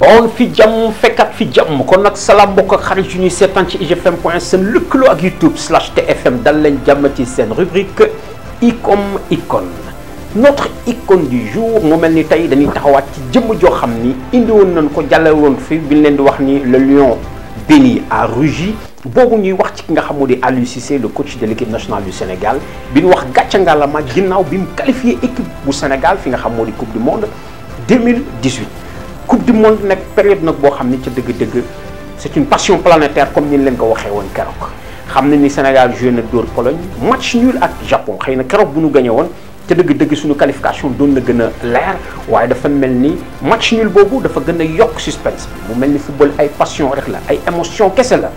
on fi jàmm fekkat fi jàmm kon nag salaam mbokk ak xarit yu ñuy seetaan ci igfm point seen lëkkaloo ak youtube slash tfm dal leen jàmm ci seen rubrique icom icône notre icône du jour mu mel ni tey dañuy taxawaat ci jëm joo xam ni indi woon nañ ko jàlle woon fi bi leen di wax ni le lion béni a rugi boobu ñuy wax ci ki nga xam moo di Aliou Cissé le coach de l' équipe nationale du Sénégal bi ñu wax gàcce ngàllama ginnaaw bi mu qualifié équipe bu Sénégal fi nga xam moo di coupe du monde coupe du monde nag période nag boo xam ni ca dëgg-dëgg c'est une passion planétaire comme ni leen ko waxee woon keroog xam na ni Sénégal joué na dóor Pologne match nul ak Japon xëy na keroog bu nu gagné woon ca dëgg-dëgg suñu qualification doon na gën a leer waaye dafa mel ni match nul boobu dafa gën a yokk suspense bi mu mel ni football ay passion rek la ay émotion kese la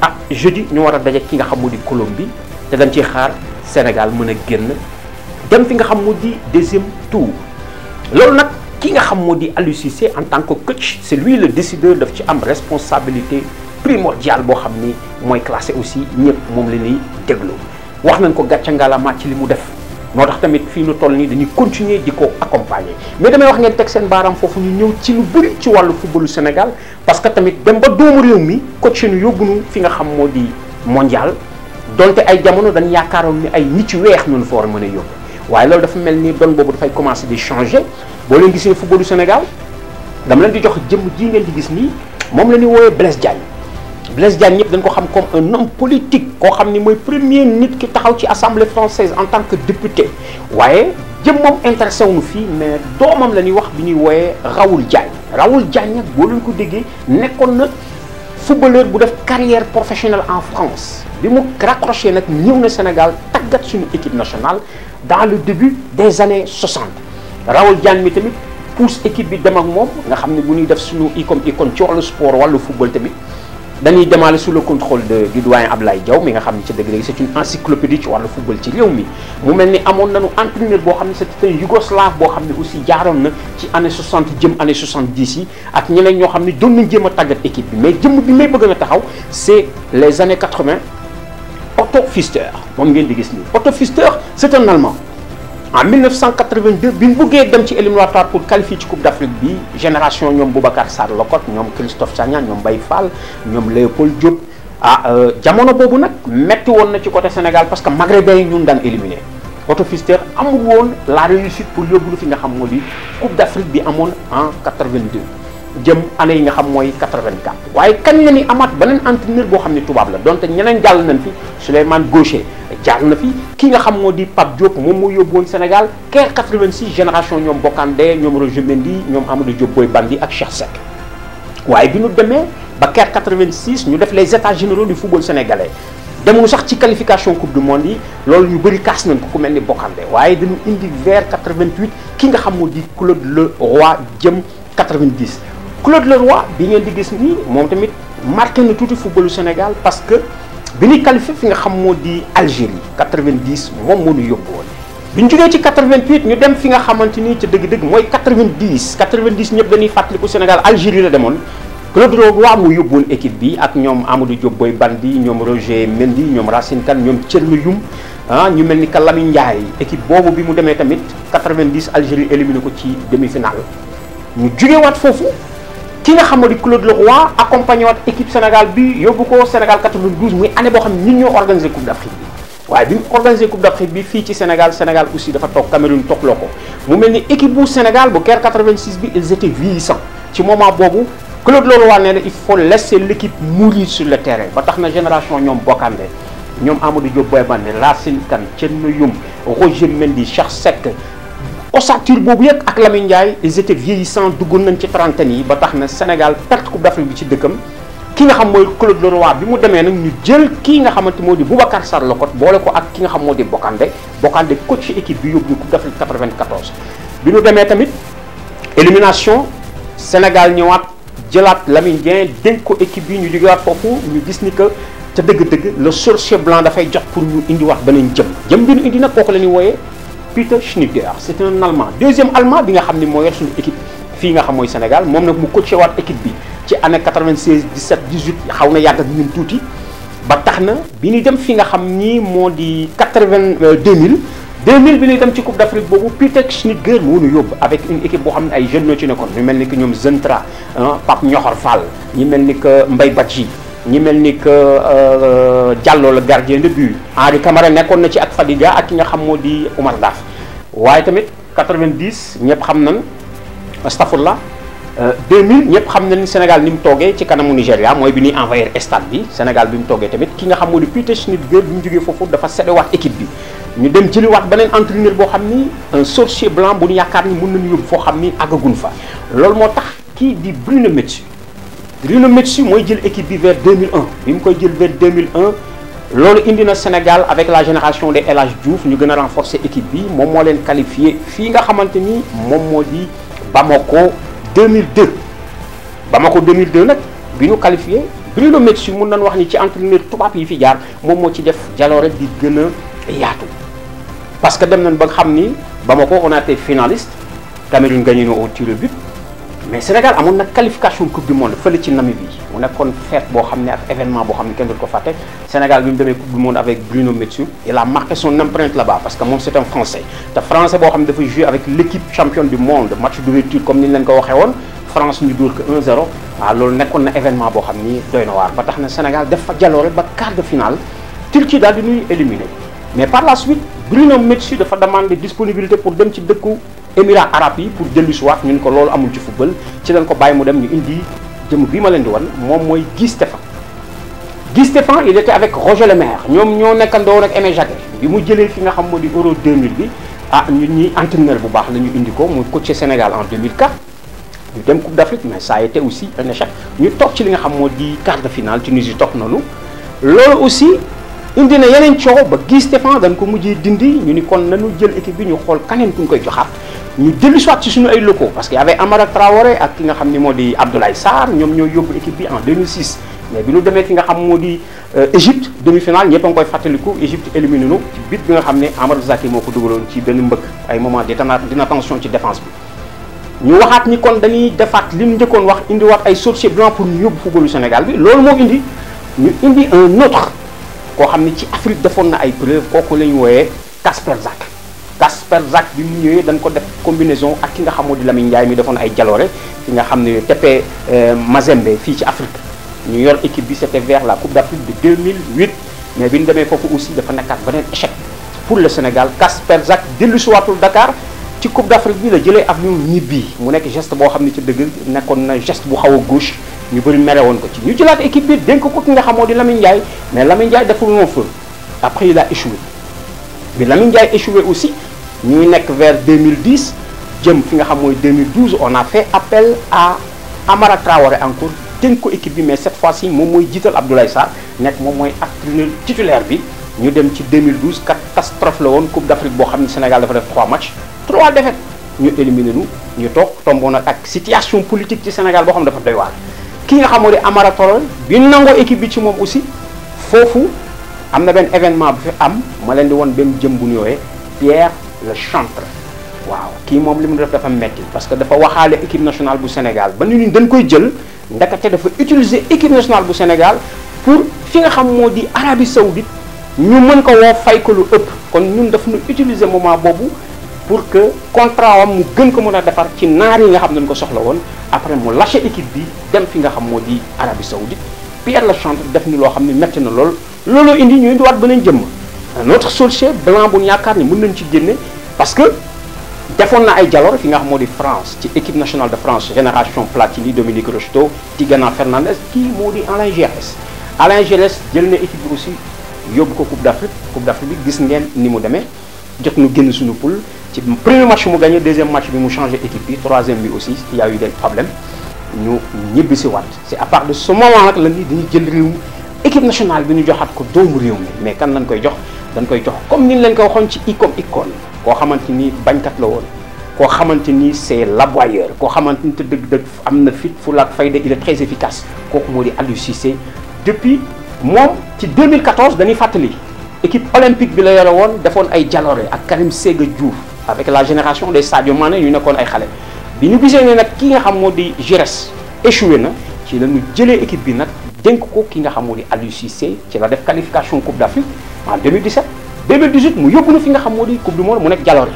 ah jeudi ñu war a daje ki nga xam moo di Colombie te dañ ciy xaar Sénégal mën a génn dem fi nga xam moo di deuxième tour ki nga xam moo di Aliou Cissé en tant que coach c'est le décideur daf ci am responsabilité primordiale boo xam ni mooy classé aussi ñëpp moom la ñuy déglu wax nañ ko gàcce ngalaama ci li mu def moo tax tamit fii nu toll nii dañuy continuer di ko accompagner mais damay wax ngeen teg seen baaraam foofu ñu ñëw ci lu bëri ci wàllu footballu Sénégal parce que tamit dem ba doomu réew mi coach nu yóbbu nu fi nga xam moo di mondial donte ay jamono dañ yaakaaroon ni ay nit ci weex ñun foor mën a yóbbu waaye loolu dafa mel ni doon boobu dafay commencer di changer boo leen gisee football du Sénégal dama leen di jox jëmm ji ngeen di gis nii moom la ñuy wooyee Blaise Diagne Blaise Diagne ñëpp dañ ko xam comme un homme politique koo xam ni mooy premier nit ki taxaw ci assemblée française en tant que député waaye jëm moom intéressé wuñu fii mais doomam la ñuy wax bi ñuy wooyee Raoul Diagne Raoul Diagne nag boo leen ko déggee nekkoon na. footballeur bu def carrière professionnelle en France bi mu raccroché nag na Sénégal tàggat suñu équipe nationale dans le début des années 60 Raoul Diagne mi tamit pousse équipe bi dem ak moom nga xam ne bu ñuy def suñu i comme icône ci wàllu sport wàllu football tamit dañuy démarrer sous le contrôle de du doyen Ablaye Diaw mi nga xam ne ci dëgg-dëgg c'est une encyclopédie ci wàllu football ci réew mi mu mel ni amoon nañu entraîneur boo xam ne c'est un yougoslave boo xam ne aussi jaaroon na ci année 60 jëm année 70 yi ak ñeneen ñoo xam ne doon nañ jéem a tàggat équipe bi mais jëmm bi may bëgg na taxaw c'est les années 80 Otto Pfister moom ngeen di gis nii Otto Pfister c'est un Allemand en 1982 bi mu buggee dem ci éliminatoire pour qualifier ci Coupe d'Afrique bi génération ñoom Boubacar Sarr Locotte ñoom Christophe Sagna ñoom bay Fall ñoom Léopold Diop ah euh, jamono boobu nag metti woon na ci côté Sénégal parce que maghrébin yi ñun daan éliminé autofisteur amul woon la réussite pour yóbbu lu fi nga xam moo di Coupe d'Afrique bi amoon en 82 jëm année yi nga xam mooy 84 waaye kañ la ni amaat beneen entraîneur boo xam ne tubaab la donte ñeneen jàll nañ fi Souleymane Gaucher jaar na fi ki nga xam moo di Pape Diop moom moo yóbbu woon Sénégal keer 86 génération ñoom Bocandé ñoom Roger Mendy ñoom Amadou Diop Boy Bandi ak Cheikh Seck waaye bi ñu demee ba keer 86 ñu def les états généraux du football dem demul sax ci qualification coupe du monde yi loolu ñu bëri kaas nañ ko ku mel ni Bocandé waaye dañu indi vers 88 ki nga xam moo di Claude Le Roy jëm 90 Claude Leroy bi ngeen di gis nii moom tamit marqué na tuuti footballu Sénégal parce que bi ñuy qualifié fi nga xam moo di Algérie 90 moom moo ñu yóbbu woon bi ñu jugee ci 88 ñu dem fi nga xamante ni ca dëgg-dëgg mooy 90 90 ñëpp dañuy fàttaliku Sénégal Algérie la demoon Claude Leroy mu yóbbuwoon équipe bi ak ñoom Amadou Diop Boy Bandi ñoom Roger Mendy ñoom Racine Kane ñoom Thierno Youm ah ñu mel ni que Lamine Ndiaye équipe boobu bi mu demee tamit 90 Algérie éliminé ko ci demi-finale ñu jógewaat foofu. ki nga xam ne di Claude Leroy accompagné waat équipe Sénégal bi yóbbu ko Sénégal 92 muy anne boo xam ne ñun ñoo organisé Coupe d'Afrique bi waaye bi mu organisé Coupe d'Afrique bi fii ci Sénégal Sénégal aussi dafa toog Cameroun toog loo ko mu mel ni équipe bu Sénégal bu guerre 86 bi ils étaient vieillissants ci moment boobu Claude Leroy nee na il faut laisser l'équipe mourir sur le terrain ba tax na génération ñoom bokkande ñoom Amadou Diop Boy Bandé Racine Kane Thierno Youm Roger Mendy Cheikh Seck ossature boobu yëpp ak Lamine Ndiaye ils étaient vieillissants duggoon nañ ci trentaine yi ba tax na Sénégal perte coupe d'Afrique bi ci dëkkam ki nga xam mooy Claude Leroy bi mu demee nag ñu jël kii nga xamante moo di Boubacar Sarr Locotte boole ko ak ki nga xam moo di Bokande Bokande coach équipe bi yóbbu ñu coupe d'Afrique 94. bi nu demee tamit élimination Sénégal ñëwaat jëlaat Lamine Ndiaye dénk ko équipe bi ñu jógewaat foofu ñu gis ni que ca dëgg-dëgg le sorcier blanc dafay jox pour ñu indiwaat beneen jëm jëm bi indi nag kooku la ñuy wooyee. Peter Schnittger c'est un allemand deuxième allemand bi nga xam ni moo yor suñu équipe fii nga xam mooy Sénégal moom nag mu coaché waat équipe bi ci année 96 xaw na yàgg ñun tuuti ba tax na bi ñuy dem fi nga xam ni moo di mille 2000 2000 bi ñuy dem ci Coupe d'Afrique boobu Peter Schnittger moo ñu yóbbu avec une équipe boo xam ne ay jeunes ñoo ne nekkoon ñu mel ni que ñoom Zentra Pape Ñoxor faal ñi mel ni que Mbaye Badji ñi mel ni que euh, euh, Diallo la gardien de but Henri Camara nekkoon na ci ak Fadiga ak ki nga xam moo di Oumar Daaf waaye tamit 90 ñëpp xam na nañ astafurlah 2000 euh, ñëpp xam na ni Sénégal ni mu toogee ci kanamu Nigéria mooy bi ñuy envahir stade bi Sénégal bi mu toogee tamit ki nga xam moo di Peter Schnittger bi mu jógee foofu dafa sedewaat équipe bi ñu dem jëliwaat beneen entraîneur boo xam ni un sorcier blanc bu ñu yaakaar ni mun nañu yóbbu foo xam ni àggagun fa loolu moo tax kii di Bruno Metsu Bruno Metsu mooy jël équipe bi vers 2001 bi mu koy jël vers 2001 loolu indi na Sénégal avec la génération de El Hadj Diouf ñu gën a renforcer équipe bi moom moo leen qualifié fii nga xamante ni moom moo di ba ma ko 2002. Bamako 2002 nag bi ñu qualifié Bruno Metsu mun nañu wax ni ci entraîneur tubaab yi fi jaar moom moo ci def jaloore di gën a yaatu parce que dem nañ ba xam ni ba ma a été finaliste Cameroun gagné na au mais Sénégal amoon na qualification coupe du monde fële ci Namibie mu nekkoon fête boo xam ne ak événement boo xam ne kenn dootu ko fàtte Sénégal bi mu demee coupe du monde avec Bruno Metsu il a marqué son empreinte là-bas parce que moom c'est un français te français boo xam ne dafa jouer avec l'équipe championne du monde match d'ouverture comme ni leen ko waxee France ñu dóor ko 1-0 waaw loolu nekkoon na événement boo xam ni doy na ba tax na Sénégal émirats arab yi pour dellu si waat ñun ko loolu amul ci football ci lañ ko bàyyi mu dem ñu indi jëm bi ma leen di wan moom mooy Guy Stéphane Guy Stéphane il était avec Roger Lemaire ñoom ñoo nekkandoo ak Aimé Jacquet bi mu jëlee fi nga xam moo di Euro 2000 bi ah ñu ñi entraîneur bu baax la ñu indi ko mu coaché Sénégal en 2004 ñu dem Coupe d'Afrique mais ça a été aussi un échec ñu toog ci li nga xam moo di quart de finale Tunisie toog noonu loolu aussi indi na yeneen coow ba Guy Stéphane dañ ko mujjee dindi ñu ni kon nañu jël équipe bi ñu xool kaneen ku ñu koy joxaat ñu dellu soit ci suñu ay locaux parce que y avait Amara Traoré ak ki nga xam ni moo di Abdoulaye Sarr ñoom ñoo yóbbu équipe bi en 2006 mais bi ñu demee ki nga xam moo di euh, Égypte demi-finale ñëpp a koy fàttaliku Égypte éliminé ci bit bi nga xam ne Amadou Zakri moo ko dugaloon ci benn mbëkk ay moment dina tension ci défense bi ñu waxaat ni kon dañuy defaat li ñu njëkkoon wax indiwaat ay sorcier blanc pour ñu yóbbu footballu Sénégal bi loolu moo indi ñu indi koo xam ne ci Afrique defoon na ay preuve kooku la ñu wooyee Kasper Zak père Zak bi mu ñëwee dañ ko def combinaison ak ki nga xamoo di Lamine Ndiaye defoon ay jaloore ki nga xam ne teppee euh, Mazembe fii ci Afrique ñu yor équipe bi c'était vers la coupe d'Afrique de 2008 mais bi ñu demee foofu aussi dafa nekkaat beneen échec pour le Sénégal Kasper Zak dellu siwaatul Dakar ci coupe d'Afrique bi la jëlee avion ñibbi mu nekk geste boo xam ne ci dëgg nekkoon na geste bu xaw a gauche ñu bëri mere woon ko ci ñu jëlaat équipe bi dénk ko ki ñuy nekk vers 2010 jëm fi nga xam mooy 2012 on a fait appel à Amara Traoré encore dénk ko équipe bi mais cette fois-ci moom mooy jiital Abdoulaye Sarr nekk moom mooy acteur titulaire bi ñu dem ci 2012 catastrophe la woon Coupe d'Afrique boo xam ne Sénégal dafa def 3 matchs 3 défaites ñu éliminé nu ñu toog tomboon nag ak situation politique ci Sénégal boo xam ne dafa doy ki nga xam moo di Amara Traoré bi nangoo équipe bi ci moom aussi foofu am na benn événement bu fi am ma leen woon benn jëm bu ñu yooyee le chantre waaw kii moom li mu def dafa metti parce que dafa waxaale équipe nationale bu Sénégal ba ni ñu dañ koy jël ndakate dafa utiliser équipe nationale bu Sénégal pour fi nga xam moo di Arabie Saoudite ñu mën ko woo fay ko lu ëpp kon ñun daf ñu utiliser moment boobu pour que contrat am mu gën ko mën a defar ci naar yi nga xam dañ ko soxla woon après mu lâché équipe bi dem fi nga xam moo di Arabie Saoudite Pierre Lechantre def ni loo xam ne metti na lool looloo indi ñu indiwaat beneen jëmm un autre sorcier blanc bu ñu yaakaar ni mën nañ ci génne parce que defoon na ay jaloor fi nga xam moo di France ci équipe nationale de France génération Platini Dominique Rocheteau Tigana Fernandez kii moo di Alain Giresse Alain Giresse jël na équipe bi aussi yóbbu ko Coupe d'Afrique Coupe d'Afrique bi gis ngeen ni mu demee jot nu génn suñu poule ci premier match mu gagné deuxième match bi mu changé équipe bi troisième bi aussi il y a eu des problèmes ñu ñibbi si waat c'est à part de ce moment nag la ni dañu jël réew bi ñu joxaat ko doomu mi mais kan lañ koy jox dañ koy jox comme ni ñu ko waxoon ci i comme icône koo xamante ni bañkat la woon koo xamante ni c'est laboyeur koo xamante ni te dëgg-dëgg am na fit fulla ak fayda il est très efficace kooku moo di Aliou Cissé depuis moom ci 2014 dañuy fàttali équipe olympique bi la yore woon defoon ay jaloore ak Karim Séga Diouf avec la génération des Sadio Mané ñu nekkoon ay xale bi ñu gisee ne nag ki nga xam moo di Giresse échoué na ci la ñu jëlee équipe bi nag dénk ko ki nga xam moo di Aliou Cissé ci la def qualification Coupe d'Afrique en 2017 2018 mu yóbbu na fi nga xam moo di coupe du monde mu nekk jaloore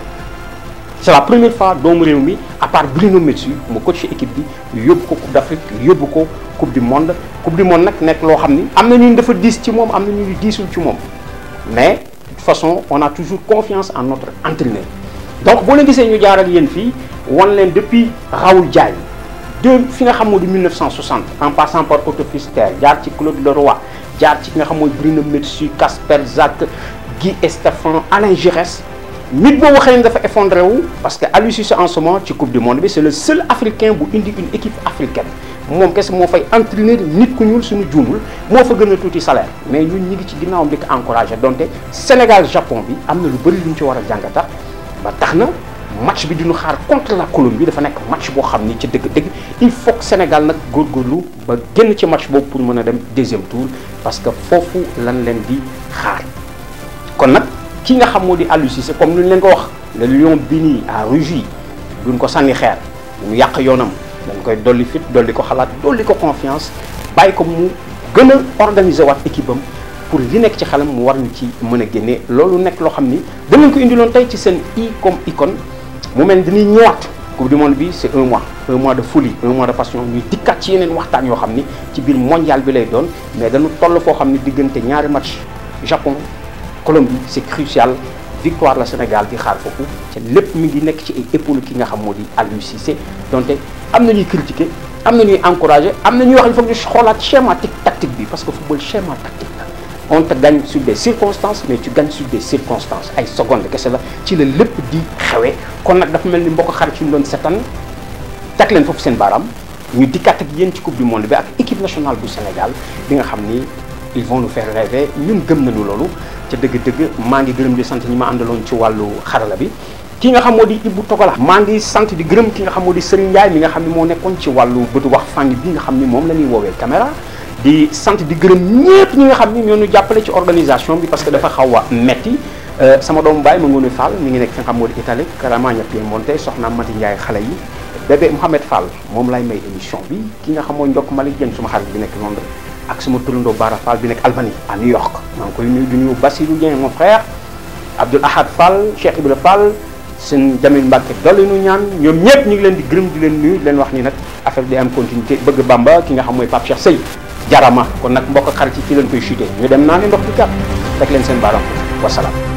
c'est la première fois doomu réew mi à part Bruno Metsu mu coach équipe bi yóbbu ko coupe d'Afrique yóbbu ko coupe du monde coupe du monde nag nekk loo xam ni am na ñu dafa diis ci moom am na ñu diisul ci moom mais de toute façon on a toujours confiance en notre entraîneur donc boo leen gisee ñu jaaral yéen fii wan leen depuis Raoul Diagne de fi nga xam moo di 1960 en passant par Otto Pfister jaar ci Claude Leroy jaar ci ki Guy Estafan Alain Giresse nit boo waxee ne dafa effondré wu parce que Aliou Cissé en ce moment ci coupe du monde bi c' est le seul africain bu indi une équipe africaine moom kese moo fay entraîneur nit ku ñuul suñu juumul moo fa gën a tuuti salaire mais ñun ñi ngi ci ginnaaw di ko encouragé donte Sénégal Japon bi am na lu bëri lu ñu ci war a jàngatax ba tax na match bi duñu xaar contre la bi dafa nekk match boo xam ni ci dëgg-dëgg il faut que Sénégal nag góorgóorlu ci match boobu pour mën a dem deuxième tour parce que foofu lan leen di xaar. kon nag ki nga xam moo di Aliou Cissé comme luñ leen ko wax le lion béni a rugi duñ ko sànni xeer duñ yàq yoonam dañ koy dolli fit dolli ko xalaat dolli ko confiance bàyyi ko mu gën a organiser waat équipe am pour li nekk ci xelam mu war ñu ci mën a génne loolu nekk loo xam ni danañ ko indiloon tey ci seen i comme icône mu mel ni dañuy ñëwaat coupe du monde bi c' un mois un mois de folie un mois de passion ñuy dikkaat ci yeneen waxtaan yoo xam ni ci biir mondial bi lay doon mais dañu toll foo xam ni diggante ñaari match Japon Colombie c'est crucial victoire la Sénégal di xaar foofu te lépp mi ngi nekk ci ay épaule ki nga xam moo di Aliou Cissé donte am na ñuy critiquer am na ñuy encourager am na ñuy wax il faut que ñu xoolaat schéma tactique bi parce que football schéma tactique la on te gagne sur des circonstances mais tu gagnes sur des circonstances ay secondes kese la ci la lépp di xewee kon nag dafa mel ni mbokk xarit ci ñu doon seetaan teg leen foofu seen baaraam ñu dikkaat ak yéen ci coupe du monde bi ak équipe nationale Sénégal bi nga xam ni. il vont nu faire rêver ñun gëm nañu loolu ca dëgg-dëgg maa ngi gërëm di sant ñi ma àndaloon ci wàllu xarala bi ki nga xam moo di Ibou Togala maa ngi sant di gërëm ki nga xam moo di Serigne Ndiaye mi nga xam ne moo nekkoon ci wàllu bëtu wax fàng bi nga xam ni moom la ñuy woowee caméra di sant di gërëm ñëpp ñi nga xam ni ñoo ñu jàppale ci organisation bi parce que dafa xaw a metti euh, sama doomu baay ma ngoon Fall mi ngi nekk fi nga xam moo di Italie Caramagna Piemonte soxna Mati Ndiaye xale yi bébé Mouhamed Fall moom lay may émission bi ki nga xam moo njokk Malick Dieng suma xarit bi nekk Londres ak suma turandoo Bara Fall bi nekk Albanie à New York maa ngi koy nuyu du nuyu Bassirou Dieng mon frère Abdoul Ahad Fall Cheikh Ibra Fall seen Jamil Mbacke dolli nu ñaan ñoom ñëpp ñu ngi leen di gërëm di leen nuyu leen wax ni nag affaire bi day am continuité bëgg Bamba ki nga xam mooy Pape Cheikh Seye jarama kon nag mbokk xar yi ci leen koy chuté ñu dem naa ne ndox bi gàtt rek leen seen baaraam wasalaam